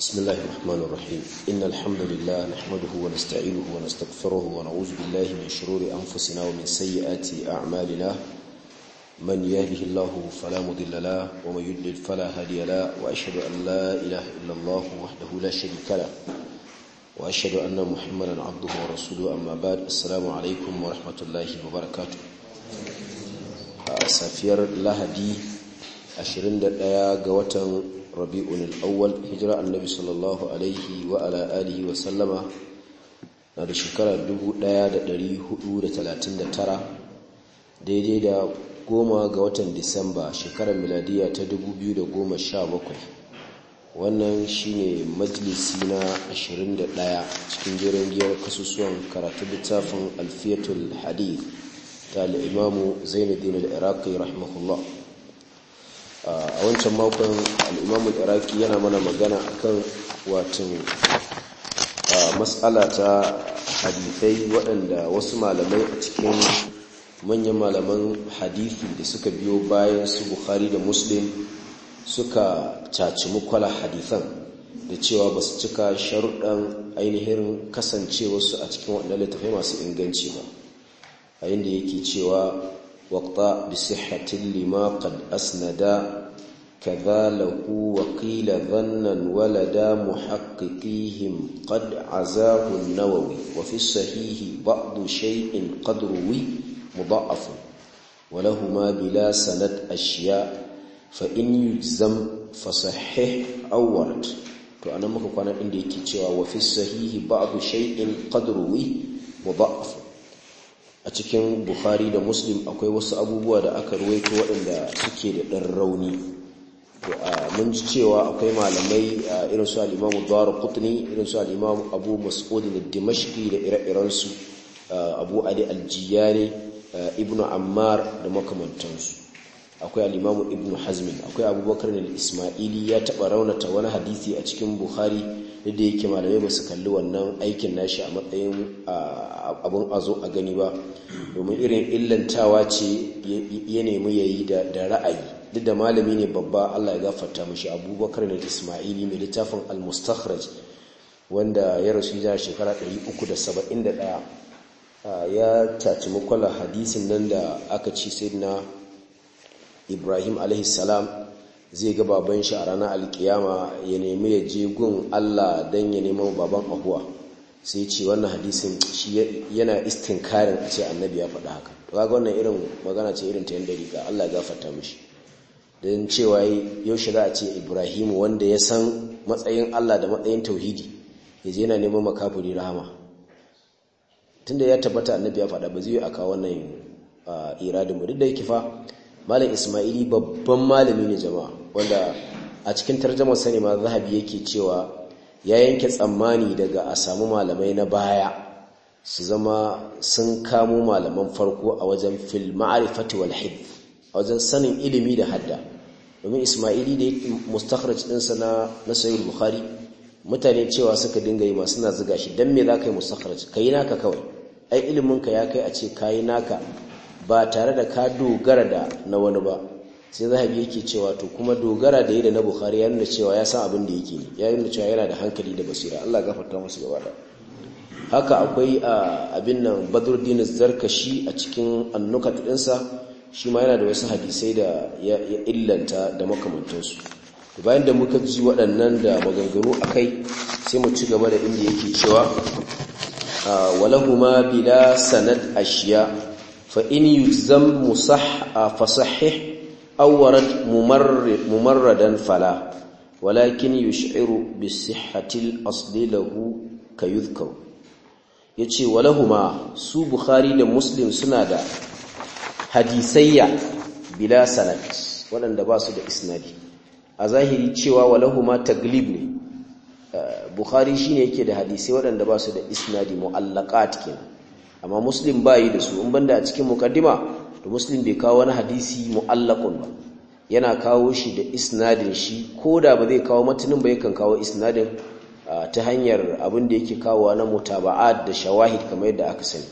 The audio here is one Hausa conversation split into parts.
بسم الله الرحمن الرحيم إن الحمد لله نحمده ونستعينه ونستغفره ونعوذ بالله من شرور أنفسنا ومن سيئات أعمالنا من يهده الله فلا مضل له ومن يضلل فلا هادي له وأشهد أن لا إله إلا الله وحده لا شريك له وأشهد أن محمدا عبده ورسوله أما بعد السلام عليكم ورحمة الله وبركاته سافير لهدي 21 ga watan rabi'un al'awwal hijira annabi sallallahu alaihi wa dubu alihi da sallama hudu da talatin da tara daidai da goma ga watan disamba shekarar miladiya ta 2017 wannan shine majalisi na 21 cikin jiran giyar kasusuwan karatu littafin alfiyatul hadith ta al'imamu zainuddin al'iraqi rahimahullah a wancan makon al'imamun iraki yana mana magana akan watan matsala ta hadithai waɗanda wasu malamai a cikin manyan malaman hadithi da suka biyo bayan su bukhari da muslim suka caci mukwala hadithan da cewa ba su cika sharuɗan ainihin wasu a cikin waɗanda littafai masu inganci ba a da yake cewa waƙta bisihatin lima kan asnada كذا له وقيل ظنا ولدا محققيهم قد عزاه النووي وفي الصحيح بعض شيء قد روي مضاعف ولهما بلا سند أشياء فإن يجزم فصحح أو ورد to anan muka kwana inda yake cewa wa fi sahihi ba'du shay'in qad ruwi mudha'af a cikin bukhari da muslim akwai wasu abubuwa da aka ruwaito waɗanda suke da ɗan rauni mun ji cewa akwai malamai irin su al'imamu dawara kutni irin su al'imamu abu mas'udin da dimashki da ire-irensu abu ali aljiyari ibnu ammar da makamantansu akwai al'imamu Ibn hazmin akwai abubakar da ismaili ya taba raunata wani hadisi a cikin buhari da yake malamai ba su kalli wannan aikin nashi a matsayin abun azo a gani ba domin irin illantawa ce ya nemi yayi da ra'ayi duk da malami ne babba Allah ya gafarta mashi abubakar da ismaili mai littafin al-mustakhraj wanda ya rasu ya shekara 371 ya taci mukwala hadisin nan da aka ci sai na ibrahim a.s zai ga baban shi a ranar alkiyama ya nemi ya je gun Allah dan ya nemi baban ahuwa sai ce wannan hadisin shi yana istinkarin a ce annabi ya faɗa haka to kaga wannan irin magana ce irin ta yanda riga Allah ya gafarta mashi don cewa yaushe shi za a ce ibrahimu wanda ya san matsayin allah da matsayin tauhidi ya je yana neman makafuri rahama tunda ya tabbata annabi ya faɗa ba zai a kawo wannan iradin mu duk da yake fa malam ismaili babban malami ne jama'a wanda a cikin tarjamar sani ma zahabi yake cewa ya yanke tsammani daga a samu malamai na baya su zama sun kamo malaman farko a wajen fil ma'arifati wal a wajen sanin ilimi da hadda domin ismaili da yake mustakhraj ɗinsa na na sahih bukhari mutane cewa suka dinga yi masu na zuga shi dan me za ka yi mustakhraj kai naka kawai ai ilimin ka ya kai a ce kai naka ba tare da ka dogara da na wani ba sai zahabi yake cewa to kuma dogara da yi da na bukhari ya nuna cewa ya san abin da yake ne ya nuna cewa yana da hankali da basira Allah gafarta masa gaba da haka akwai ah, abin nan badruddin zarkashi a cikin annukat ɗinsa shi ma yana da wasu hadisai da ya illanta da makamantansu bayan da muka ji waɗannan da maganganu a kai sai mu ci gaba da inda yake cewa ah, walahuma bila sanad ashiya fa in yuzam musah ah, fasahih aw warad mumarradan fala walakin yush'iru bi sihhatil asli lahu kayuzkaru yace walahuma su bukhari da muslim suna da hadisayya bila sanad waɗanda ba su da isnadi a zahiri cewa walahu ma taglib ne eh, bukhari shine yake da hadisai waɗanda ba su da isnadi mu'allaqat kenan amma muslim yi da su in banda a cikin mukaddima to muslim bai kawo wani hadisi mu'allaqun ba yana kawo shi da isnadin shi koda ba zai kawo matanin ba yakan kawo isnadin eh, ta hanyar abin da yake kawo na mutaba'at da shawahid kamar yadda aka sani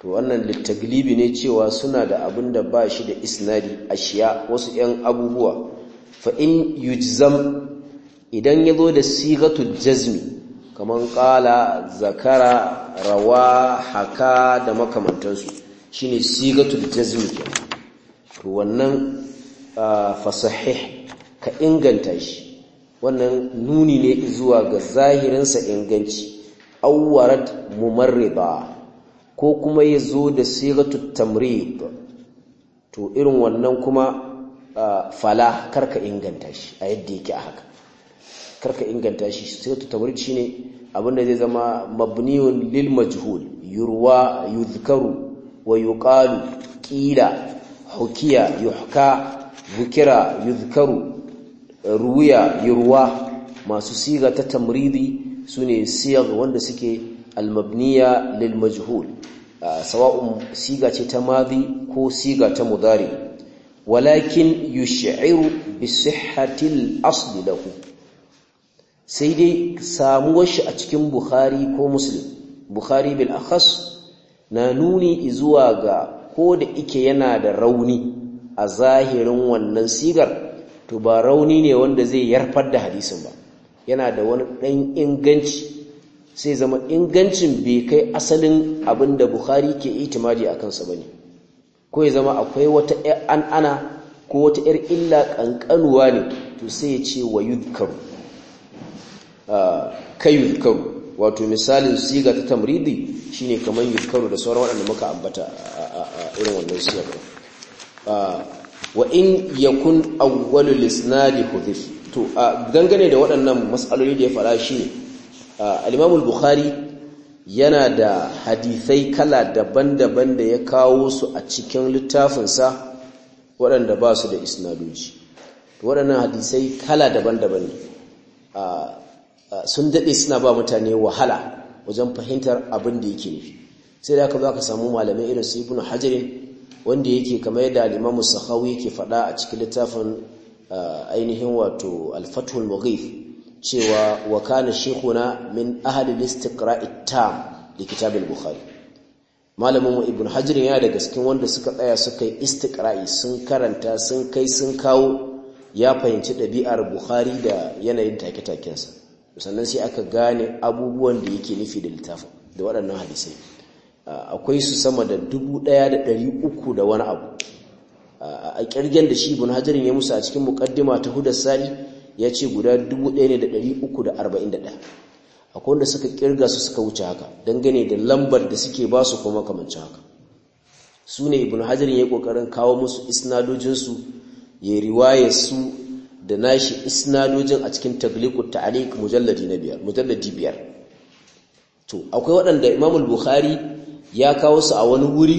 to wannan littaglibi ne cewa suna da abin da ba shi da isnadi shiya wasu 'yan abubuwa fa’in yujzam idan ya zo da sigatu jazmi kamar ƙala zakara rawa haka da makamantansu shi ne sigatu jazmi to wannan fasahih ka inganta shi wannan nuni ne zuwa ga zahirinsa inganci awwarat mumarriba ko kuma ya zo da siratu tamrid to irin wannan kuma fala karka inganta shi a yadda yake a haka karka inganta shi siratu tamrid shine abinda zai zama mabniyun lil majhul yurwa yuzkaru wa yuqalu qila hukiya yuhka bukira yuzkaru ruya yurwa masu siga ta tamridi sune siyar wanda suke almabniya lil majhul ah, sawa'un siga ce ta madhi ko siga ta mudari walakin yush'iru bi sihhati al-asl lahu sai dai samuwar shi a cikin bukhari ko muslim bukhari bil akhas na nuni zuwa ga ko da ike yana da rauni a zahirin wannan sigar to ba rauni ne wanda zai yarfar da hadisin ba yana da wani ɗan inganci sai zama ingancin bai kai asalin abin da bukhari ke itimadi a kansa ba ne ko ya zama akwai wata an'ana ko wata 'yar illa ƙanƙanuwa ne to sai ya ce wa yudkaru ah, kai yudkaru wato misalin siga ta tamridi shi ne kamar yudkaru da sauran waɗanda muka ambata a irin wannan siyarwa. Ah, wa in yakun awwalul isnadi hudhif to ah, dangane da waɗannan matsaloli da ya fara shi Uh, al’imamu bukhari yana da hadisai kala daban-daban da ya kawo su a cikin littafinsa waɗanda ba su da isnadoji waɗannan hadisai kala daban-daban uh, uh, sun daɗe suna ba mutane wahala wajen fahimtar abin da yake nufi sai da aka ba ka samu malamai irin su ibn hajarin wanda yake kamar yadda alimamu sahawu yake faɗa a cikin littafin ainihin wato alfatul mughif cewa wa kana shekuna min ahalin istiqra'i tam li kitab al-bukhari malamin ibn hajar yana da cikin wanda suka tsaya suka yi istiqra'i sun karanta sun kai sun kawo ya fahimci ɗabi'ar bukhari da yanayin take-takensa sannan sai aka gane abubuwan da yake nufi da littafin da waɗannan hadisai akwai su sama da dubu ɗaya da ɗari uku da wani abu a ƙirgen da shi ibn hajarin ya musu a cikin muƙaddima ta hudar ya ce guda 1341 akwai wanda suka kirga su suka wuce haka dangane da lambar da suke ba su kuma kamancin haka su ne ibn hajarin ya yi kokarin kawo musu isnadojinsu ya riwaye su da nashi isnadojin a cikin tagliqut ta'alik mujalladi na biyar mujalladi biyar to akwai waɗanda imamul bukhari ya kawo su a wani wuri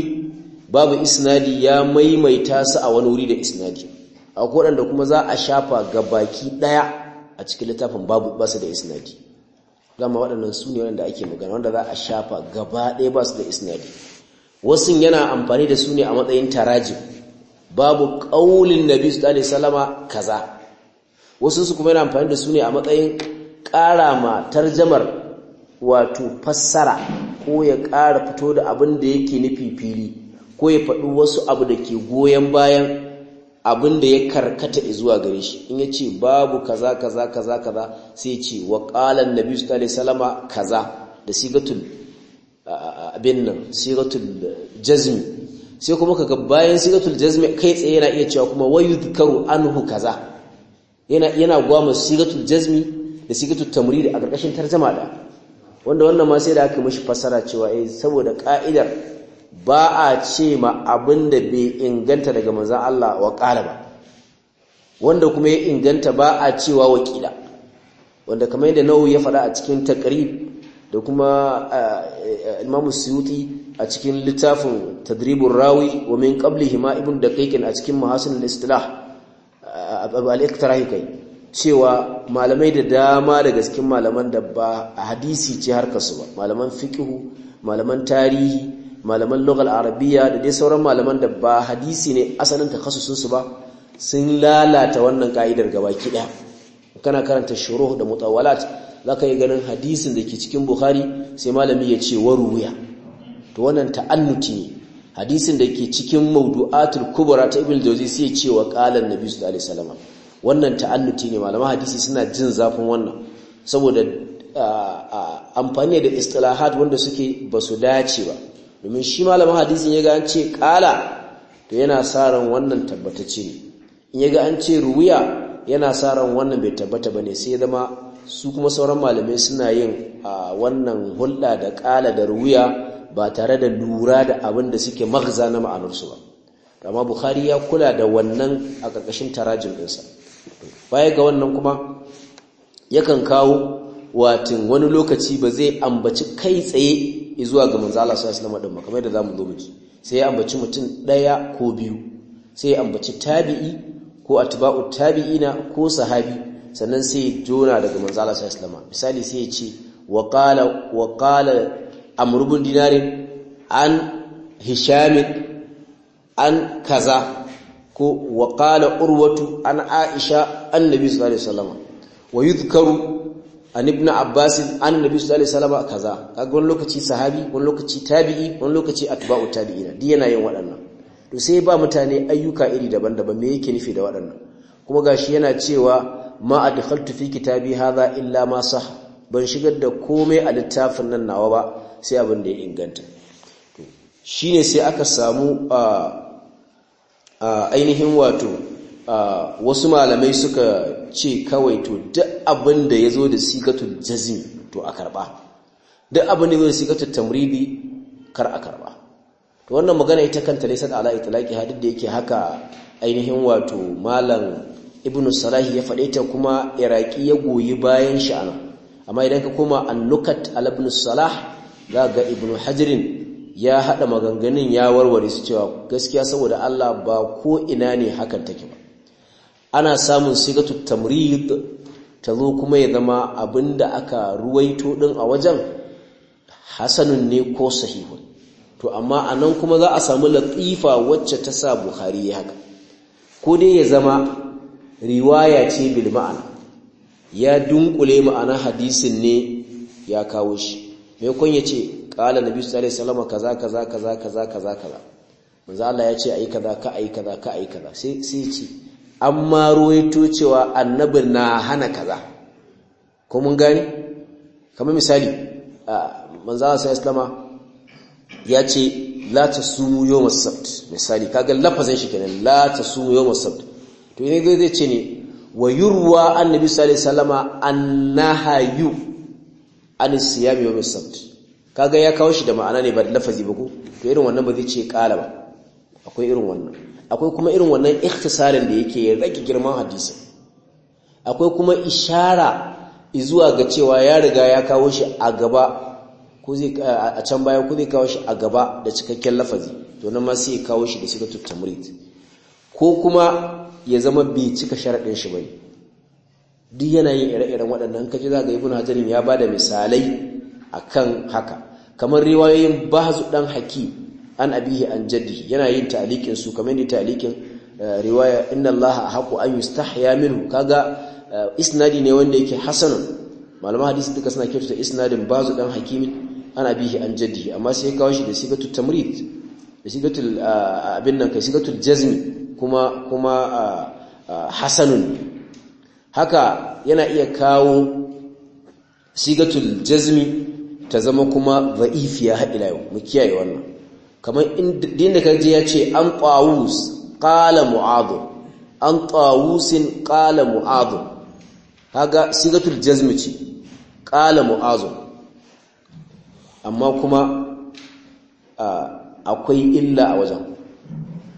babu isnadi ya maimaita su a wani wuri da isnadi akwai waɗanda kuma za a shafa ga baki ɗaya a cikin littafin babu basu da isnadi gama waɗannan su ne waɗanda ake magana wanda za a shafa gaba ɗaya basu da isnadi wasu yana amfani da su ne a matsayin tarajim babu ƙaulin nabi su ɗane salama kaza wasu su kuma yana amfani da su ne a matsayin ƙara ma tarjamar wato fassara ko ya ƙara fito da abin da yake nufi fili ko ya faɗi wasu abu da ke goyon bayan abin da ya karkata zuwa gare shi in ya ce babu kaza kaza kaza kaza sai ce wa qala na biyu alaihi salama kaza da sigatul abin nan sigatul jazmi sai kuma kaga bayan sigatul jazmi kai tsaye yana iya cewa kuma an anhu kaza yana yana gwama sigatul jazmi da sigatul da a karkashin tarjama da wanda wannan ma sai da aka mashi fasara cewa eh saboda ka'idar ba a ce ma abin da bai inganta daga manzan Allah wa ƙala ba wanda kuma ya inganta ba a cewa wakila wanda kamar yadda nau ya faɗa a cikin takarib da kuma imamu suyuti a cikin littafin tadribun rawi wa min qablihi ma ibn kaikin a cikin mahasin al-istilah kai cewa malamai da dama daga cikin malaman da ba a hadisi ce har su ba malaman fikihu malaman tarihi malaman lokal arabiya da dai sauran malaman da ba hadisi ne asalin su ba sun lalata wannan ka'idar gabaki ɗaya kana karanta shuruh da mutawalat zaka yi ganin hadisin da ke cikin bukhari sai malami ya ce waruya to wannan ta'annuti ne hadisin da ke cikin mawdu'atul kubra ta ibnu jawzi sai ya ce wa qala annabi sallallahu alaihi wasallam wannan ta'annuti ne malaman hadisi suna jin zafin wannan saboda amfani da istilahat wanda suke basu dace ba domin shi malamin hadisin ya ga an ce ƙala to yana sa ran wannan tabbatacce ne in ya ga an ce ruwiya yana sa ran wannan bai tabbata ba ne sai zama su kuma sauran malamai suna yin a wannan hulɗa da ƙala da ruwiya ba tare da lura da abin da suke magza na ma'anarsu ba amma bukhari ya kula da wannan a ƙarƙashin tarajin ɗinsa baya ga wannan kuma yakan kawo watin wani lokaci ba zai ambaci kai tsaye zuwa ga manzo Allah sallallahu alaihi wasallam kamar da zamu zo miki sai ya ambaci mutum daya ko biyu sai ya ambaci tabi'i ko atba'u tabi'ina ko sahabi sannan sai ya jona daga manzo Allah sallallahu alaihi wasallam misali sai ya ce wa qala wa qala amru bin dinar an hisham an kaza ko wa qala urwatu an aisha annabi sallallahu alaihi wasallam wa yuzkaru an ibn abbas an nabi sallallahu alaihi wasallam kaza kaga wani lokaci sahabi wani lokaci tabi'i wani lokaci atba'u tabi'ina duk yana yin waɗannan to sai ba mutane ayyuka iri daban-daban me yake nufi da waɗannan kuma gashi yana cewa ma adkhaltu fi kitabi hadha illa ma sah ban shigar da komai a littafin nan nawa ba sai abin da ya inganta to shine sai aka samu a ainihin wato wasu malamai suka ce kawai to duk abin da ya zo da sigatun jazm to a karba duk abin da ya zo da sigatun tamridi kar a karba to wannan magana ita kanta ne sada ala itlaqi hadid da yake haka ainihin wato malam Ibn salahi ya faɗe ta kuma iraki ya goyi bayan shi anan amma idan ka koma annukat al ibn salah za ga Ibn Hajirin ya haɗa maganganun ya warware su cewa gaskiya saboda Allah ba ko ina ne hakan take ba ana samun sigatu tamrid ta zo kuma ya zama abinda aka ruwaito din a wajen hasanun ne ko sahihun to amma anan kuma za a samu latifa wacce ta sa bukhari ya haka ko dai ya zama riwaya ce bil ma'ana ya dunkule ma'ana hadisin ne ya kawo shi me kun yace qala nabi sallallahu alaihi wasallam kaza kaza kaza kaza kaza kaza manzo Allah yace ce ayi kaza ka ayi kaza ka ayi kaza sai sai ce an maro ruwaito cewa annabin na hana kaza ko mun gani kamar misali manzo sai islama ya ce la tasumu yawm as-sabt misali kagan lafazin shi kenan la tasumu yawm as-sabt to idan zai ce ne wa yurwa annabi sallallahu alaihi wasallama annahayu an siyam yawm as-sabt kaga ya kawo shi da ma'ana ne ba lafazi ba ko to irin wannan ba zai ce kala ba akwai irin wannan akwai kuma irin wannan ikhtisarin da yake ya rage girman hadisi? akwai kuma ishara zuwa ga cewa ya riga ya kawo shi a gaba ko zai a can baya ko zai kawo shi a gaba da cikakken lafazi to nan ma sai ya kawo shi da siga tuttamrid ko kuma ya zama bai cika sharadin shi bane duk yana yin ire-iren waɗannan kaje za ga ibnu hajarin ya bada misalai akan haka kamar riwayoyin bahzu dan hakim an abihi an jaddi yana yin talikin su kamar ni talikin eh, riwaya inna allaha haqu an yustahya minhu kaga eh, isnadi ne wanda yake hasanun malama hadisi duka suna kyautata isnadin bazu dan hakimi an abihi an jaddi amma sai ya kawo shi da sigatu tamrid da sigatu eh, abin nan kai sigatu jazmi kuma kuma hasanun haka yana iya kawo sigatu jazmi ta zama kuma dha'ifiya ha ila yau mu kiyaye wannan kamar inda ka je ya ce an ƙawus ƙala mu'adu an ƙawusin ƙala mu'adu haga sigatul jazmici ce ƙala amma kuma akwai illa a wajen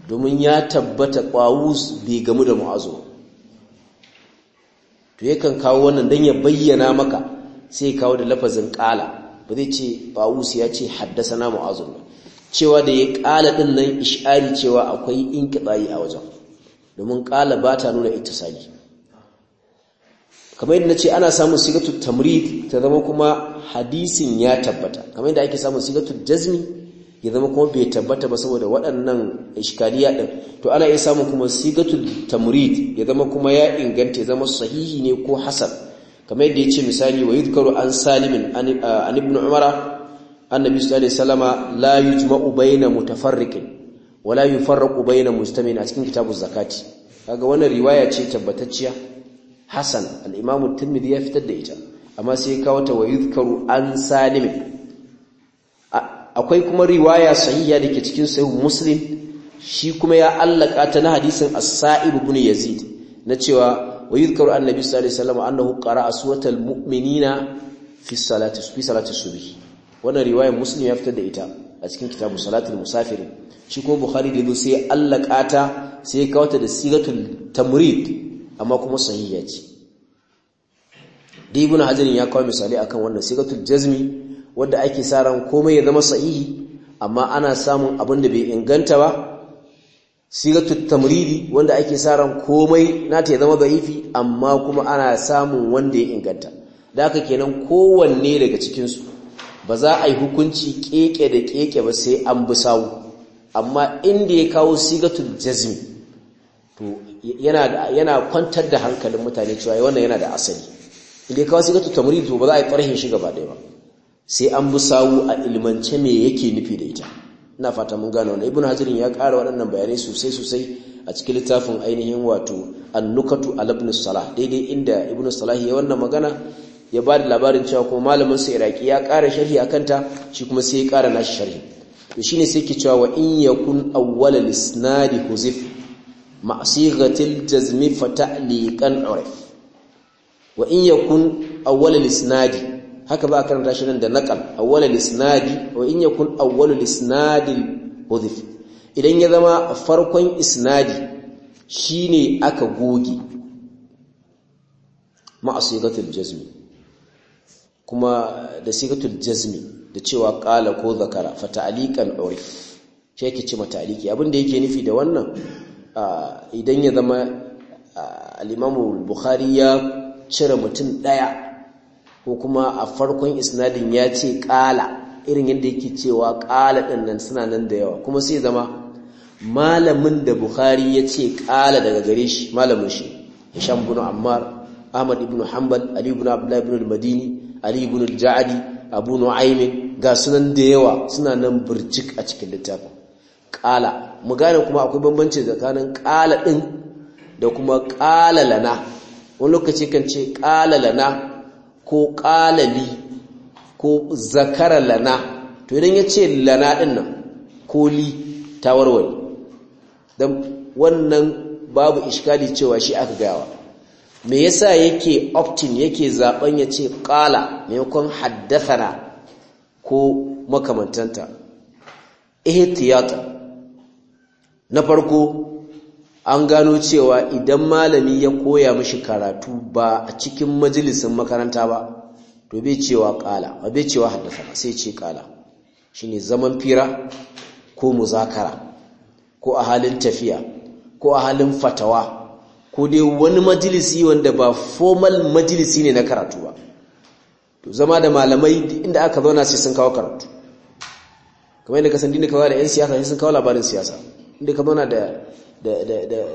domin ya tabbata ƙawus bai gamu da mu'azu to yakan kawo wannan don ya bayyana maka sai kawo da lafazin ƙala ba zai ce ƙawus ya ce haddasa na mu'azu ba cewa da ya ƙala ɗin nan ish'ari cewa akwai inkiɗayi a wajen domin ƙala ba ta nuna ittisali kamar yadda ce ana samun sigatu tamrid ta zama kuma hadisin ya tabbata kamar yadda ake samun sigatu jazmi ya zama kuma bai tabbata ba saboda waɗannan iskaliya ɗin to ana iya samun kuma sigatu tamrid ya zama kuma ya inganta ya zama sahihi ne ko hasan kamar yadda ya ce misali wa karo an salimin an ibn umara annabi sallallahu alaihi wasallam la yujma'u baina mutafarriqin wa la yufarraqu baina mustamin a cikin kitabuz zakati kaga wannan riwaya ce tabbatacciya hasan al-imam at-tirmidhi ya fitar da ita amma sai ya kawo ta wa yuzkaru an salim akwai kuma riwaya sahiha dake cikin sahih muslim shi kuma ya allaka ta na hadisin as-sa'ib ibn yazid na cewa wa yuzkaru annabi sallallahu alaihi wasallam annahu qara'a suratal mu'minina fi salati fi salati subhi wannan riwayar muslim ya fitar da ita a cikin kitabu salatul musafirin, shi ko Buhari da sai allaka ta sai ya kawata da siratul tamrid amma kuma sahiha ce da ibn ya kawo misali akan wannan siratul jazmi wanda ake sa ran komai ya zama sahihi amma ana samun abin da bai inganta ba sigatul tamridi wanda ake sa ran komai nata ya zama za'ifi amma kuma ana samun wanda ya inganta da haka kenan kowanne daga cikin su ba za a yi hukunci keke da keke ba sai an bi sawu amma inda ya kawo sigatul jazmi yana kwantar da hankalin mutane cewa wannan yana da asali inda ya kawo sigatul tamrid to ba za a yi karhin shi gaba ɗaya ba sai an bi sawu a ilmance me yake nufi da ita ina fata mun gane wannan ibnu hajarin ya ƙara waɗannan bayanai sosai sosai a cikin littafin ainihin wato annukatu al ibn salah daidai inda ibn salah ya wannan magana ya ba da labarin cewa kuma malamin sa iraki ya ƙara sharhi a kanta shi kuma sai ya ƙara nashi sharhi to shine sai ke cewa wa in yakun awwal al-isnad huzif ma'sighatil jazmi fa ta'liqan urif wa in yakun awwal al-isnad haka ba a karanta shi nan da naqal awwal al-isnadi wa in yakun awwal al-isnadi huzif idan ya zama farkon isnadi shine aka goge ma'asigatul jazmi kuma da sigatul jazmi da cewa qala ko zakara fa ta'liqan urif shi yake ce mataliki abinda yake nufi da wannan idan ya zama al-Imam Bukhari ya cire mutum daya ko kuma a farkon isnadin ya ce qala irin yadda yake cewa qala din suna nan da yawa kuma sai zama malamin da Bukhari ya ce qala daga gare shi malamin shi Hisham ibn Ammar Ahmad ibn Hanbal Ali ibn Abdullah ibn al-Madini ali ibn al-ja'di abu nu'aym ga sunan da yawa suna nan burjik a cikin littafin qala mu gane kuma akwai bambanci tsakanin qala din da kuma qala lana wani lokaci kan ce qala lana ko li ko zakara lana to idan yace lana din nan ko li tawarware dan wannan babu iskali cewa shi aka gayawa me yasa yake optin yake zaben ya ce ƙala maimakon haddathana ko makamantanta tiyata. na farko an gano cewa idan malami ya koya mashi karatu ba a cikin majalisin makaranta ba to bai cewa ƙala ba bai cewa haddathana sai ce ƙala shine zaman fira ko muzakara ko a halin tafiya ko a halin fatawa ko dai wani majalisi wanda ba formal majalisi ne na karatu ba to zama da malamai inda aka zauna sai sun kawo karatu kamar yadda kasan, san dinda kawo da yan siyasa sai sun kawo labarin siyasa inda ka zauna da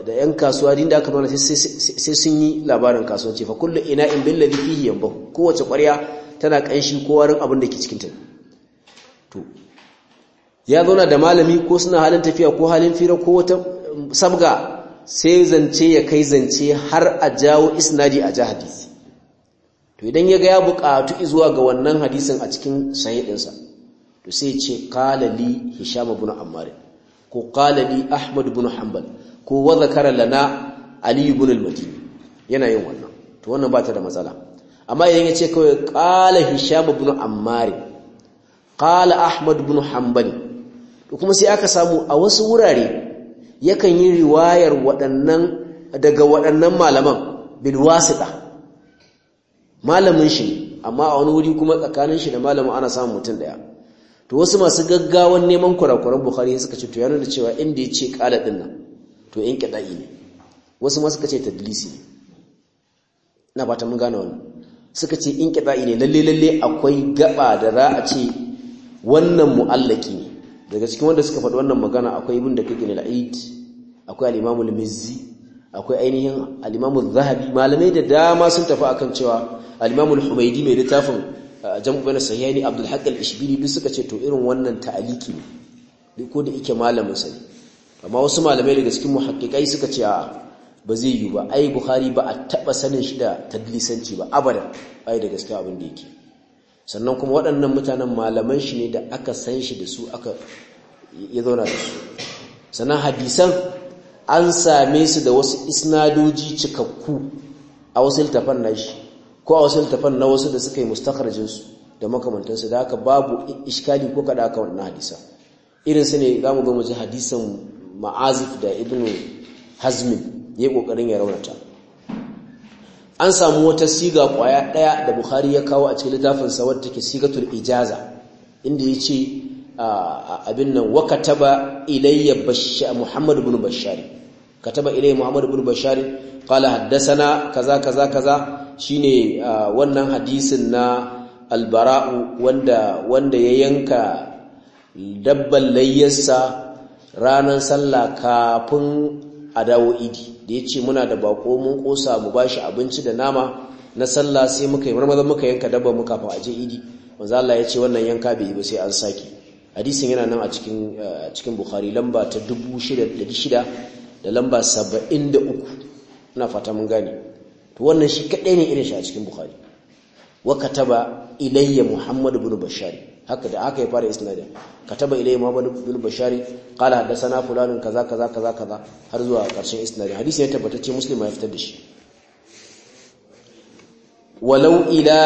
da yan kasuwa dinda aka zauna sai sun yi labarin kasuwanci fa kullu ina in billazi fihi yamba kowace ƙwarya tana kanshi ko warin abin da ke cikin ta to ya zauna da malami ko suna halin tafiya ko halin fira ko wata sabga sai zance ya kai zance har a jawo isnadi a ji hadisi to idan ya ga ya buƙatu zuwa ga wannan hadisin a cikin sahihɗinsa to sai ce qala li hisham ibn ammar ko qala li ahmad ibn hanbal ko wa zakara lana ali ibn al yana yin wannan to wannan ba ta da matsala amma idan ya ce kawai qala hisham ibn ammar qala ahmad ibn hanbal to kuma sai aka samu a wasu wurare yakan yi riwayar waɗannan daga waɗannan malaman bil wasita malamin shi amma a wani wuri kuma tsakanin shi da malamin ana samun mutum daya to wasu masu gaggawan neman kurakuran bukhari suka ce to yana da cewa inda ya ce kala din nan to in kida'i ne wasu ma suka ce tadlisi ne ina ba ta mun gane wani. suka ce in kida'i ne lalle lalle akwai gaba da ra a ce wannan mu'allaki ne daga cikin wanda suka faɗi wannan magana akwai ibn da kake al-aid akwai al mizzi akwai ainihin al al-zahabi malamai da dama sun tafi akan cewa al-imam mai littafin uh, jam'u bayna sahihani abdul haqq al-ishbili duk suka ce to irin wannan ta'aliki ne ko da yake malamin sani amma wasu malamai daga cikin muhaqqiqai suka ce a ba zai yi ba ai bukhari ba a taba sanin shi da tadlisanci ba abada ai da gaskiya abin da yake sannan kuma waɗannan mutanen malaman shi ne da aka san shi da su aka ya zauna da su sannan hadisan an same su da wasu isnadoji cikakku a wasu iltafan na shi ko a wasu iltafan na wasu da suka yi su da makamantansu da haka babu Ishkali ko kada aka wannan hadisa irin su ne za mu ga mu ji hadisan ma'azif da ibnu hazmin ya yi ƙoƙarin ya raunata an samu wata siga kwaya daya da bukhari ya kawo a cikin littafin sa wadda siga sigatul ijaza inda yace abin nan wa kataba ilayya bashar muhammad ibn bashar kataba ilayya muhammad ibn bashar qala haddathana kaza kaza kaza shine wannan hadisin na albara'u wanda wanda ya yanka dabban layyarsa ranar sallah kafin a dawo idi da ya ce muna da bako mun kosa mu ba shi abinci da nama na sallah sai muka yi marmazan muka yanka dabba muka fa aje idi manzo Allah ya ce wannan yanka bai ba sai an sake hadisin yana nan a cikin cikin lamba ta 6600 da lamba 73 ina fata mun gane to wannan shi kaɗai ne irin shi a cikin Bukhari wa kataba ilayya muhammadu ibn Bashari haka da aka yi fara isnadin kataba ilai muhammad bin bashari qala hadathana fulanun kaza kaza kaza kaza har zuwa karshen isnadin hadisi ya tabbatacce muslim ya fitar da shi walau ila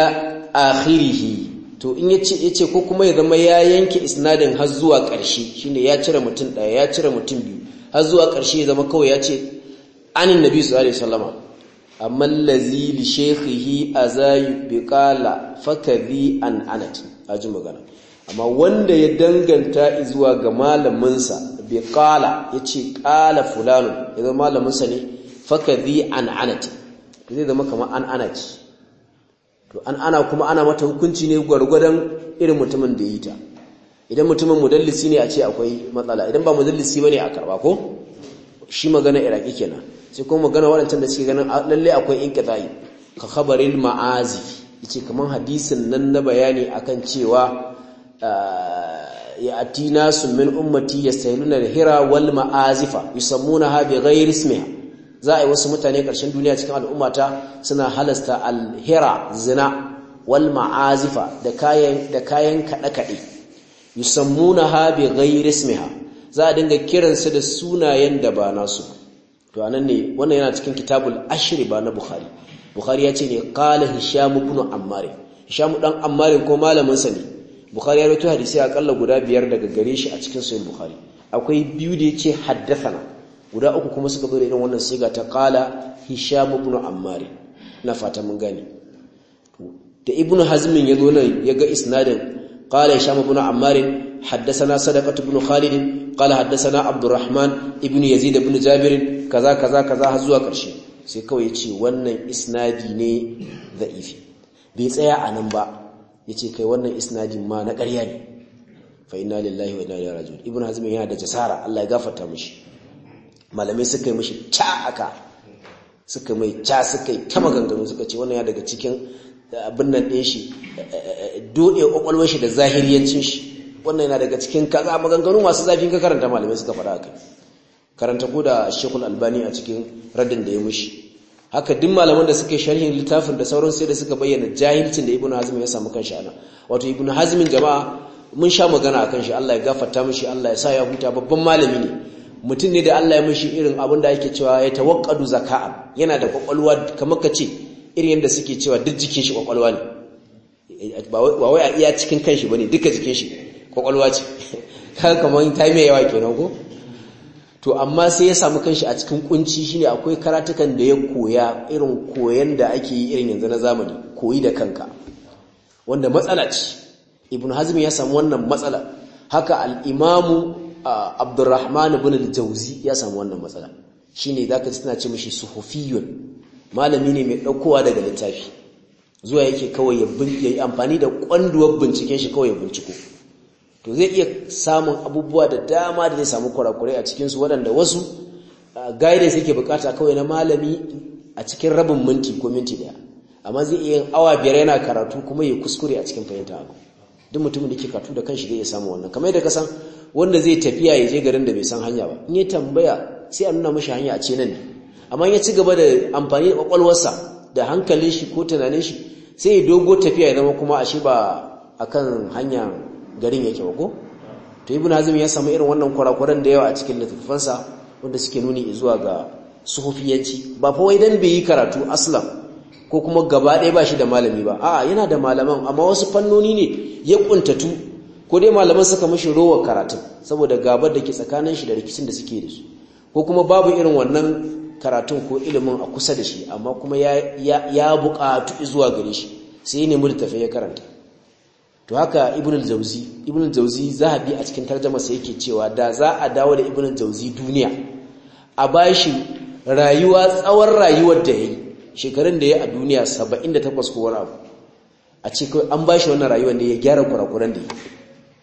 akhirih to in yace yace ko kuma ya zama ya yanke isnadin har zuwa karshe shine ya cire mutum daya ya cire mutum biyu har zuwa karshe ya zama kawai ya ce anin nabi sallallahu alaihi Salama, amma allazi li a azayu biqala fakadhi an anat aji magana amma wanda ya danganta zuwa ga malaminsa bai kala ya ce kala fulano ya zama malaminsa ne fakadhi an anati zai zama kama an ce. to an ana kuma ana mata hukunci ne gwargwadon irin mutumin da yi ta idan mutumin mudallisi ne a ce akwai matsala idan ba mudallisi ne a karba ko shi magana iraki kenan sai kuma magana waɗancan da suke ganin lalle akwai yi. ka khabaril ma'azi yace kaman hadisin nan na bayani akan cewa ya ati nasu min ummati yasailuna al-hira wal ma'azifa ha bi ghairi ismiha za a yi wasu mutane karshen duniya cikin al'ummata suna halasta al zina wal ma'azifa da kayan da kayan kaɗe-kaɗe ha bi ghairi ismiha za a dinga su da sunayen da ba nasu to anan ne wannan yana cikin kitabul ashri ba na bukhari bukhari ya ce ne qala hisham ibn ammar hisham dan ammar ko malamin sa ne bukhari ya rawaito hadisi akalla guda biyar daga gare shi a cikin sahih bukhari akwai biyu da yace haddathana guda uku kuma suka zo da irin wannan siga ta qala hisham ibn ammar na fata mun gane da ibn hazm ya zo nan ya ga isnadin qala hisham ibn ammar haddathana sadaqah ibn khalid qala haddathana abdurrahman ibn yazid ibn jabir kaza kaza kaza har zuwa karshe sai kawai yace wannan isnadi ne za'ifi, bai tsaya a nan ba Ya ce, kai wannan isnadin ma na ƙarya ne fa inna lillahi wa inna ilaihi raji'un ibnu hazm yana da jasara Allah ya gafarta mishi malamai suka yi mishi ta aka suka mai ta suka yi ta maganganu suka ce wannan ya daga cikin eh, abin nan ɗin shi eh, eh, dode kwakwalwar shi da zahiriyancin shi wannan yana daga cikin kaza maganganu masu zafi ka karanta malamai suka faɗa kai karanta ko da shekul Albani a cikin radin da ya mishi haka duk malaman da suka sharhin littafin da sauran sai da suka bayyana jahilcin da ibnu hazm ya samu kanshi ana wato ibnu hazmin jama'a mun sha magana akan shi Allah ya gafarta mishi Allah ya sa ya huta babban malami ne mutum ne da Allah ya mishi irin abin da ake cewa ya tawakkadu zaka'a yana da kwakwalwa kamar ka ce irin yadda suke cewa duk jikin shi kwakwalwa ne ba wai a iya cikin kanshi bane duka jikin shi kwakwalwa ce kaga kamar ta mai yawa kenan ko to amma sai ya samu kanshi a cikin kunci shine akwai karatukan da ya koya irin koyan da ake yi irin yanzu na zamani koyi da kanka wanda matsala ce ibn hazmi ya samu wannan matsala haka Al'imamu imamu abdurrahman ibn al-jawzi ya samu wannan matsala shine zaka ji suna ce mishi suhufiyun malami ne mai daukowa daga littafi zuwa yake kawai ya yi amfani da kwanduwar binciken shi kawai ya binciko to zai iya samun abubuwa da dama da zai samu kurakurai a cikinsu waɗanda wasu guidance ke bukata kawai na malami a cikin rabin minti ko minti daya amma zai iya awa biyar yana karatu kuma ya kuskure a cikin fahimta abu duk mutumin da ke karatu da kanshi zai iya samu wannan kamar yadda ka san wanda zai tafiya ya je garin da bai san hanya ba in ya tambaya sai a nuna mashi hanya a ce nan ne amma ya ci gaba da amfani da kwakwalwarsa da hankalin shi ko tunanin shi sai ya dogo tafiya ya zama kuma ashe ba akan hanya garin ya yake ko to ibn azim ya samu irin wannan kurakuran da yawa a cikin littafansa wanda suke nuni zuwa ga suhufiyanci ba fa wai dan bai yi karatu aslam ko kuma gaba ɗaya ba shi da malami ba a'a yana da malaman amma wasu fannoni ne ya kuntatu ko dai malaman suka mishi rowar karatun saboda gabar da ke tsakanin shi da rikicin da suke da su ko kuma babu irin wannan karatun ko ilimin a kusa da shi amma kuma ya buƙatu zuwa gare shi sai ne mu littafi ya karanta to haka ibn al-jawzi ibn al-jawzi zahabi a cikin tarjumarsa yake cewa da za a dawo da ibn al-jawzi duniya a bashi rayuwa tsawon rayuwar da yayi shekarun da yayi a duniya 78 ko wani abu a ce kai an bashi wannan rayuwar ne ya gyara kurakuran da yayi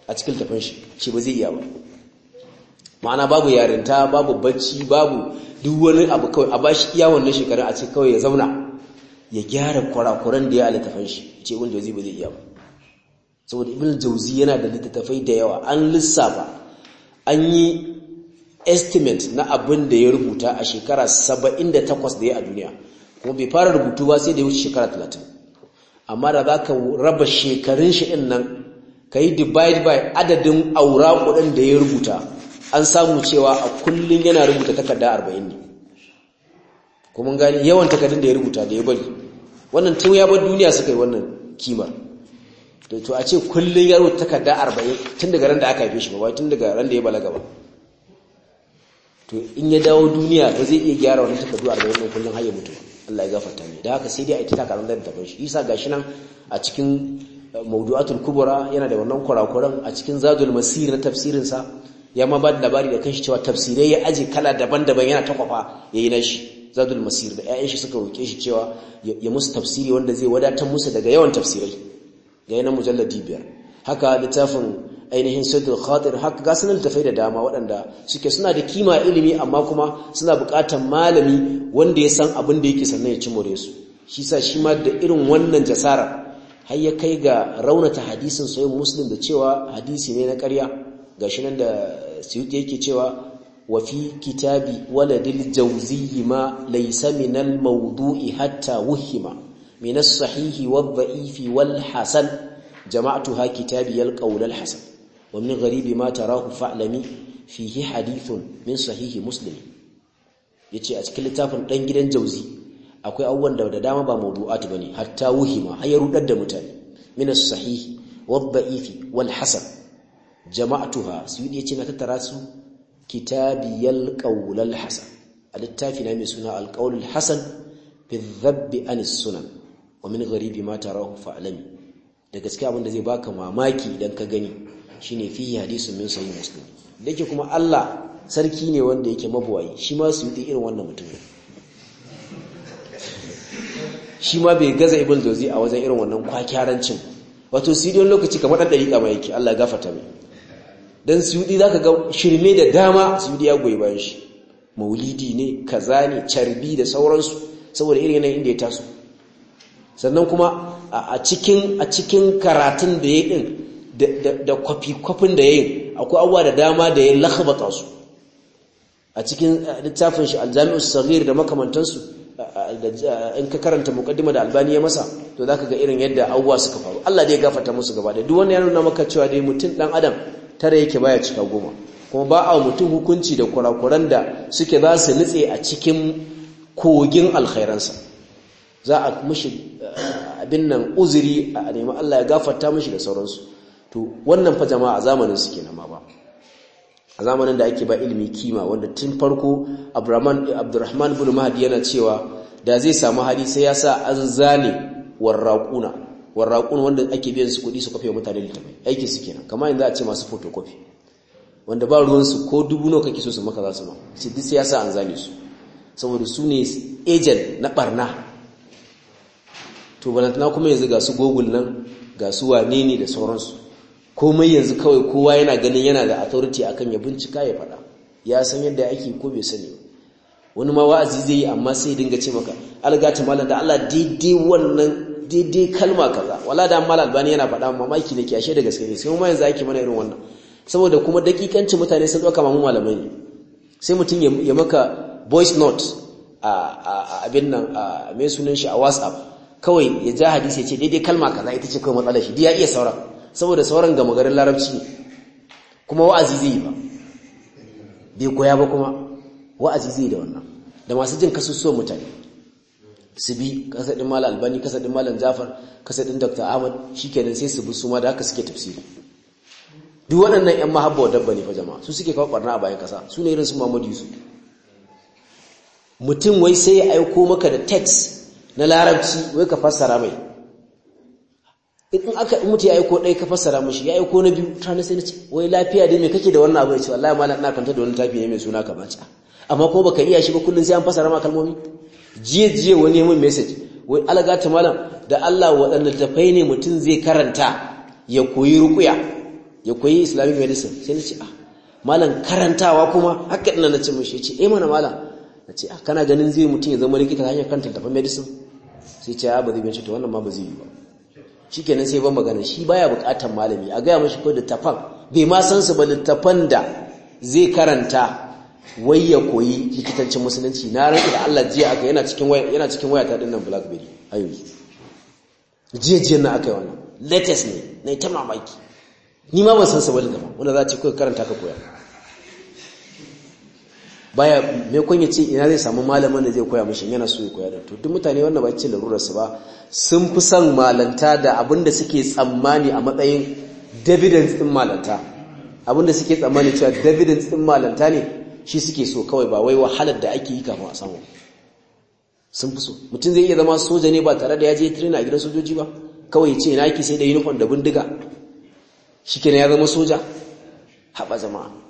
a cikin tafin shi ce ba zai iya ba ma'ana babu yarinta babu bacci babu duk wani abu kawai a bashi iya wannan shekarun a ce kawai ya zauna ya gyara kurakuran da ya a littafin shi ce wanda zai ba zai iya ba saboda ibn jauzi yana da littattafai da yawa an lissafa an yi estimate na abin da ya rubuta a shekara 78 da ya a duniya kuma bai fara rubutu ba sai da ya wuce shekara 30 amma da za ka raba shekarun shi in nan ka yi divide by adadin aura kudin da ya rubuta an samu cewa a kullum yana rubuta takarda 40 ne kuma gani yawan takardun da ya rubuta da ya bari wannan tun ya bar duniya suka yi wannan kimar to a ce kullum ya rubuta takarda arba'in tun daga ran da aka haife shi ba tun daga ran da ya balaga ba to in ya dawo duniya ba zai iya gyara wani takardu arba'in ne kullum har ya mutu Allah ya gafarta mai da haka sai dai a ita takardun da ta shi isa gashi nan a cikin uh, mawdu'atul kubra yana da wannan kurakuran a cikin zadul masir na tafsirin sa ya ma ba da labari da kanshi cewa tafsirai ya aje kala daban-daban yana ta kwafa yayi na shi zadul masir da ƴaƴan shi suka roke shi cewa ya musu tafsiri wanda zai wadatar musu daga yawan tafsirai gai na mujalladi biyar haka littafin ainihin sadar khatir haka ga sanar tafai da dama waɗanda suke suna da kima ilimi amma kuma suna buƙatar malami wanda ya san abin da yake sannan ya ci more su shi sa shi ma da irin wannan jasara har ya kai ga raunata hadisin sahih muslim da cewa hadisi ne na ƙarya shi nan da suyuti yake cewa fi kitabi ولد الجوزي ma ليس من maudu’i hatta wuhima. min as-sahihi wadh-dha'ifi wal-hasan jama'tuha kitabi al-qawl hasan wa min gharibi ma tarahu fa'lami fihi hadithun min sahihi muslim yace a cikin littafin dan gidan jauzi akwai abubuwan da dama ba mawdu'at bane hatta wuhima har ya rudar da mutane min as-sahihi wadh-dha'ifi wal-hasan jama'tuha suyudi yace na tattara su kitabiyal qawl al-hasan al-littafi na mai suna al-qawl al-hasan fi dhabbi anis sunan wa min gharibi ma tarahu fa'lami da gaskiya abin da zai baka mamaki idan ka gani shine fi hadisin min sahih muslim dake kuma Allah sarki ne wanda yake mabuwayi shi ma su yi irin wannan mutum shi ma bai gaza ibn dozi a wajen irin wannan kwakyarancin wato su yi lokaci kamar ɗan ɗariƙa ma yake Allah gafarta mai don su yi zaka ga shirme da dama su yi ya goyi bayan shi maulidi ne kaza ne carbi da sauransu saboda irin yanayin inda ya taso sannan kuma a cikin karatun da ya din da kwafi-kwafin da ya yi akwai abuwa da dama da ya lakabata su a cikin littafin shi aljami'ar sagir da makamantansu in ka karanta mukaddima da albani ya masa to za ka ga irin yadda abuwa suka faru allah da ya gafata musu gaba da duk wani ya nuna maka cewa dai mutum dan adam tara yake baya cika goma kuma ba a mutum hukunci da kurakuran da suke za su nutse a cikin kogin alkhairansa za a mishi eh, abin nan uzuri a nemi Allah ya gafarta mishi da sauransu to wannan fa jama'a a zamanin su kenan ma ba a zamanin da ake ba ilimi kima wanda tun farko Abdurrahman ibn Mahdi yana cewa da zai samu hali sai ya sa an zane warraquna wanda ake biyan su kuɗi su kafe mutane littafai aikin su kenan kamar yanzu a ce masu photocopy wanda ba ruwan su ko dubu nawa kake so su maka za su ma sai ya sa an zane su saboda su ne agent na ɓarna. to balantana kuma yanzu ga su google nan ga su wane ne da sauransu komai yanzu kawai kowa yana ganin yana da authority akan ya bincika ya faɗa ya san yadda ake ko bai sani wani ma wa'azi zai yi amma sai dinga ce maka algata malam da Allah daidai wannan daidai kalma kaza wala da malam albani yana faɗa mamaki nake ashe da gaske ne sai kuma yanzu ake mana irin wannan saboda kuma dakikanci mutane sun ɗauka mamu malamai ne sai mutum ya maka voice note a abin nan a mai sunan shi a whatsapp kawai ya ja hadisi ya ce daidai kalma kaza ita ce kawai matsalar shi ya iya sauran saboda sauran gama garin larabci kuma wa'azi zai ba bai koya ba kuma wa'azi zai da wannan da masu jin so mutane su bi kasadin malam albani kasadin malam jafar kasadin dr ahmad shi nan sai su bi su ma da haka suke tafsiri duk waɗannan yan mahabba dabba ne fa jama'a su suke kawo barna a bayan kasa su ne irin su Muhammad Yusuf mutum wai sai ya aiko maka da text na larabci wai ka fassara mai in aka mutu ya aiko ɗaya ka fassara mashi ya aiko na biyu ta sai na ce wai lafiya dai mai kake da wannan abu ya ce wallahi malam ina kanta da wani tafi ne mai suna ka bace amma ko baka iya shi ba kullun sai an fassara ma kalmomi jiye jiye wani ya min message wai alaga ta malam da Allah waɗanda tafai ne mutum zai karanta ya koyi rukuya ya koyi islamic medicine sai na ce ah malam karantawa kuma haka ina na ce mashi ya ce eh mana malam na ce ah kana ganin zai mutum ya zama likita hanyar kan tafi medicine sai ce ya ba zai bincita wannan ma ba zai yi ba shi kenan sai ban magana shi baya bukatan malami a gaya mashi ko littafan bai ma san su ba littafan da zai karanta wai ya koyi likitancin musulunci na rantsa da Allah jiya aka yana cikin waya yana cikin waya ta dinnan blackberry ayo jiya jiya na aka yi wannan latest ne na ta mamaki ni ma ban san su ba littafan wanda za ta koyi karanta ka koya baya mai kun yace ina zai samu malamin da zai koya mashi yana so ya koya da to duk mutane wannan ba ci larurar su ba sun fi son malanta da abinda suke tsammani a matsayin dividends din malanta abinda suke tsammani cewa dividends din malanta ne shi suke so kawai ba wai wahalar da ake yi kafin a samu sun fi so mutum zai iya zama soja ne ba tare da ya je training a gidan sojoji ba kawai ce na ki sai da uniform da bindiga shikenan ya zama soja haɓa jama'a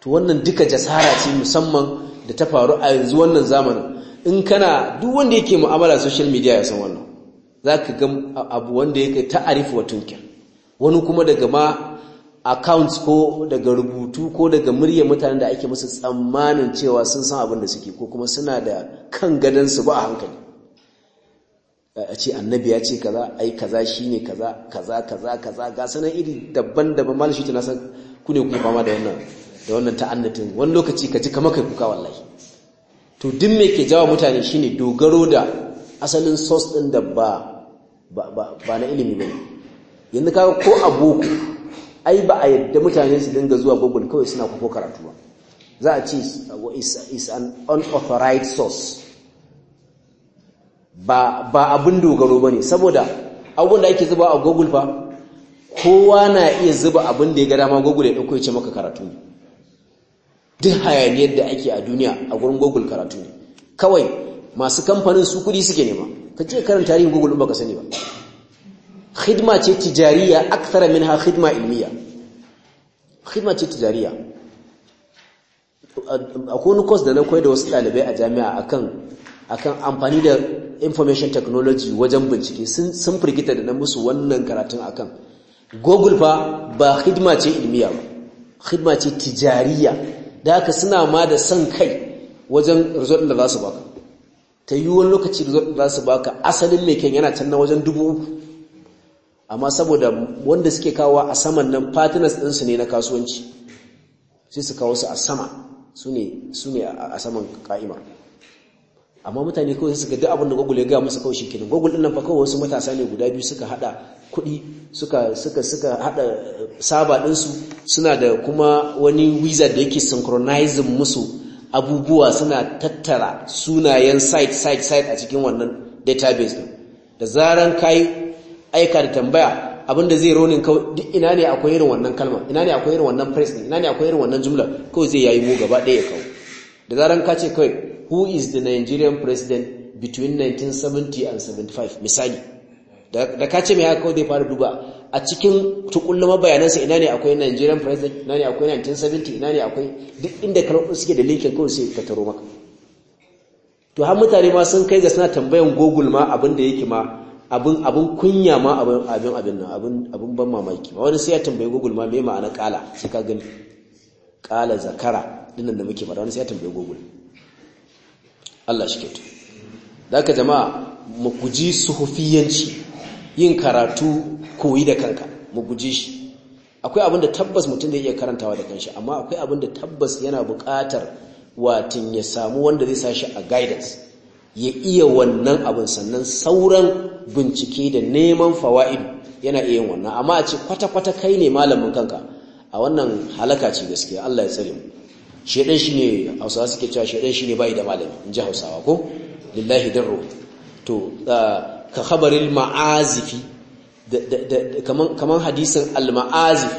to wannan duka jasara ce musamman da ta faru a yanzu wannan zamanin in kana duk wanda yake mu'amala social media ya san wannan za ka ga abu wanda ya ta'arifu wa tunkir wani kuma daga ma accounts ko daga rubutu ko daga muryar mutanen da ake musu tsammanin cewa sun san abin da suke ko kuma suna da kan gadansu ba a hankali a ce annabi ya ce kaza ai kaza shine kaza kaza kaza kaza ga sanan iri daban-daban malishi tana san ku ne ku fama da wannan da wannan ta'annatin wani lokaci ka ji kamar kai kuka wallahi to din me ke jawo mutane shine dogaro da asalin sos din da ba ba na ilimi bane yanzu kaga ko a ai ba a yadda mutane su dinga zuwa google kawai suna kuko karatu ba za a ce is an unauthorized source ba abin dogaro ba ne saboda abubuwan da ake zuba a google fa kowa na iya zuba abin da ya ga dama google ya ɗauko ya ce maka karatu duk hayaniyar da ake a duniya a gurin google karatu ne kawai masu kamfanin su kudi suke nema ka ce karin tarihin google ba ka sani ba khidma ce tijariya akthara ha khidma ilmiya khidma ce tijariya akwai wani course da na koyar da wasu ɗalibai a jami'a akan akan amfani da information technology wajen bincike sun firgita da na musu wannan karatun akan google fa ba khidma ce ilmiya ba khidma ce tijariya da haka suna ma da son kai wajen result da za su baka ta yi wani lokaci result da za su baka asalin mai kyan yana can wajen dubu uku amma saboda wanda suke kawo a saman nan partners ɗinsu ne na kasuwanci sai su kawo su a sama su ne a saman ka'imar amma mutane kawai suka duk abin da google ya gaya musu kawai shikenan google ɗin nan fa kawai wasu matasa ne guda biyu suka hada kuɗi suka suka suka hada eh, saba ɗinsu suna da kuma wani wizard da yake synchronizing musu abubuwa suna tattara sunayen site site site a cikin wannan database din da zaran kai aika da tambaya abinda zai ronin kawai duk ina ne akwai irin wannan kalma ina ne akwai irin wannan phrase ina ne akwai irin wannan jumla kawai zai yayi mu gaba ɗaya kawai da zaran ka ce kawai who is the Nigerian president between 1970 and 75 misali da ka ce mai haka kawai zai fara duba a cikin tukullama bayanansa ina ne akwai Nigerian president ina ne akwai 1970 ina ne akwai duk inda kalmar suke da linkin kawai sai ka taro maka to har mutane ma sun kai ga suna tambayan google ma abin da yake ma abin abin kunya ma abin abin abin nan abin abin ban mamaki ma wani sai ya tambaye google ma me ma'ana kala sai ka gani kala zakara dinnan da muke fara wani sai ya tambaye google Allah shi kyautu da jama'a mu guji suhufiyanci yin karatu koyi da kanka mu guji shi akwai abin da tabbas mutum zai iya karantawa da kanshi amma akwai abin da tabbas yana buƙatar watin ya samu wanda zai sa shi a guidance ya iya wannan abin sannan sauran bincike da neman fawa'idu yana iya wannan amma a ce kwata-kwata kai ne malamin kanka a wannan halaka ce gaskiya Allah ya tsare mu shedan shine hausawa suke cewa shedan shine bai da malami in ji hausawa ko lillahi darro to ah, ka khabaril ma'azifi kaman hadisin al ma'azif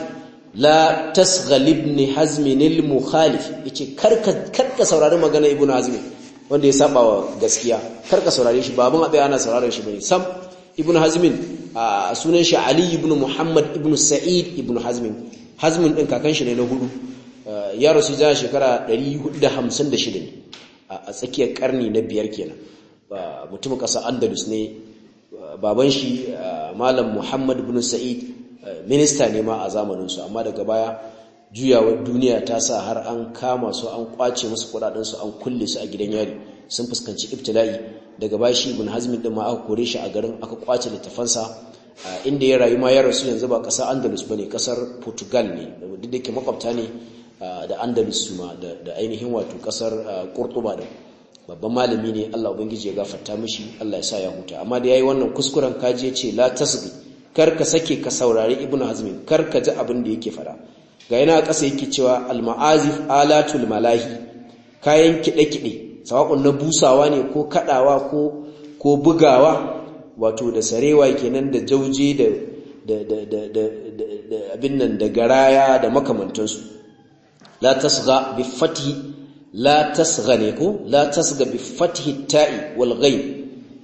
la tasghal ibn hazm al mukhalif yace karka karka saurari magana ibn hazm wanda ya saba wa gaskiya karka saurari shi babun abai ana saurari shi bane sam ibn hazmin ah, sunan shi ali ibn muhammad ibn sa'id ibn hazmin hazmin din kakan shi ne na hudu Eh, ya rasu za shekara 456 ne a tsakiyar karni na biyar kenan mutumin kasa andalus ne eh, baban shi eh, malam muhammad bin sa'id minista ne ma a zamaninsu amma daga baya juyawar duniya ta sa har an kama su an kwace musu kudadensu an kulle su a gidan yari sun fuskanci ibtila'i daga ba shi bin hazmin din ma aka kore shi a garin aka kwace littafansa inda ya rayu ma ya rasu yanzu ba kasar andalus ba ne kasar portugal ne duk da ke makwabta ne da andalus su da ainihin wato kasar kurtuba da babban malami ne Allah ubangiji ya gafarta mishi Allah ya sa ya huta amma da ya yi wannan kuskuren kaji ya ce la tasgi kar ka sake ka saurari ibnu hazmin kar ka ji abin da yake fara ga yana kasa yake cewa alma'azif alatul malahi kayan kiɗe-kiɗe sawakon na busawa ne ko kaɗawa ko bugawa wato da sarewa kenan da jauje da da abin nan da garaya da makamantansu la tasgha bi fathi la tasgha ne ko la tasgha bi fathi ta'i wal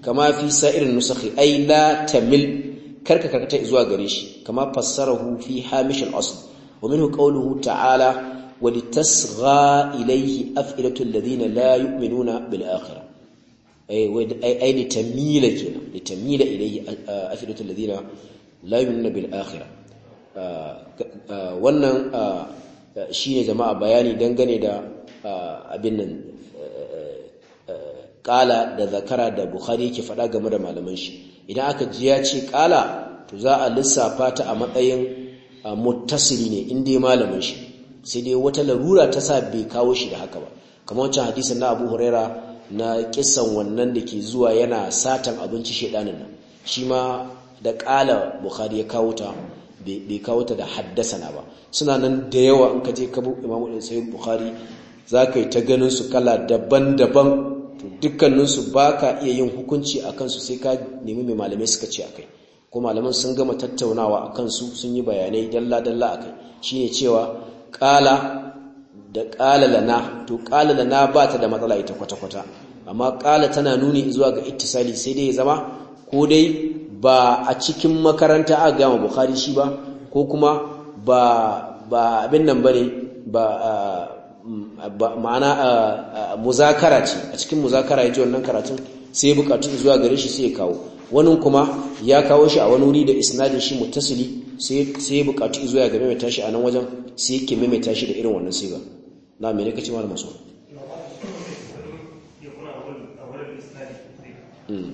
kama fi sa'irin nusakhi ay la tamil karka karkata zuwa gare shi kama fassarahu fi hamish al asl wa minhu qawluhu ta'ala wa litasgha ilayhi af'ilatu alladhina la yu'minuna bil akhirah ay ay la yu'minuna bil akhirah wannan shi ne jama'a bayani dangane da abin nan ƙala da zakara da bukhari ke faɗa game da malaman shi idan aka ji ya ce ƙala to za a lissafa ta a matsayin mutasiri ne inda ya malamin shi sai dai wata larura ta sa bai kawo shi da haka ba kamar wancan hadisin na abu huraira na kisan wannan da ke zuwa yana satan abinci shaidanin nan shi ma da ƙala bukhari ya kawo ta bai kawo ta da haddasa na ba suna nan da yawa in ka je kabo imamu da sayin bukari za ka yi ta ganin su kala daban-daban dukkaninsu ba ka iya yin hukunci a kansu sai ka nemi mai malamai suka ce a kai ko malaman sun gama tattaunawa a kansu sun yi bayanai dalla-dalla a kai shi ne cewa kala da ƙala lana to kalalana lana ba ta da matsala ita kwata-kwata amma kala tana nuni zuwa ga ittisali sai dai ya zama ko dai ba a cikin makaranta aka gama bukari shi ba ko kuma ba ba abin nan bane ba ma'ana muzakara ce a cikin muzakara ya ji wannan karatun sai ya bukatu zuwa gare shi sai ya kawo wani kuma ya kawo shi a wani wuri da isnadin shi mutasili sai ya bukatu zuwa ga maimaita shi a nan wajen sai ke maimaita shi da irin wannan siga na mai rikaci da maso Mm.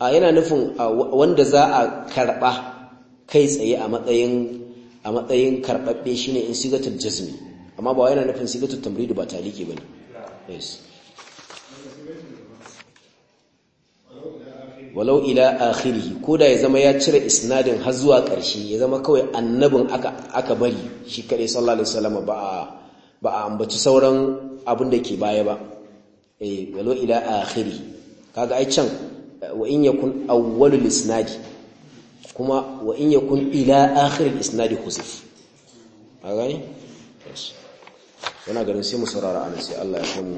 a yana nufin wanda za a karba kai tsaye a matsayin a matsayin karbabbe shine in ta jazmi amma ba yana nufin sigatul tamrid ba taliki bane yes walau ila akhirih da ya zama ya cire isnadin har zuwa ƙarshe ya zama kawai annabin aka aka bari shi kare sallallahu alaihi wasallam ba a ba a ambaci sauran abin da ke baya ba eh walau ila akhirih kaga ai can wa in yakun awwalul isnadi kuma wa in yakun ila akhiril isnadi khusif a gani yana ganin sai mu saurara ana sai Allah ya kamu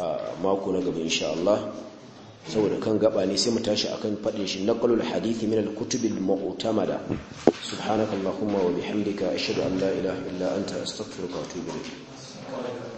a mako na gaba insha Allah saboda kan gaba ne sai mu tashi akan fadin shi naqlul hadithi min al-kutubil mu'tamada subhanakallahumma wa bihamdika ashhadu an la ilaha illa anta astaghfiruka wa atubu ilayk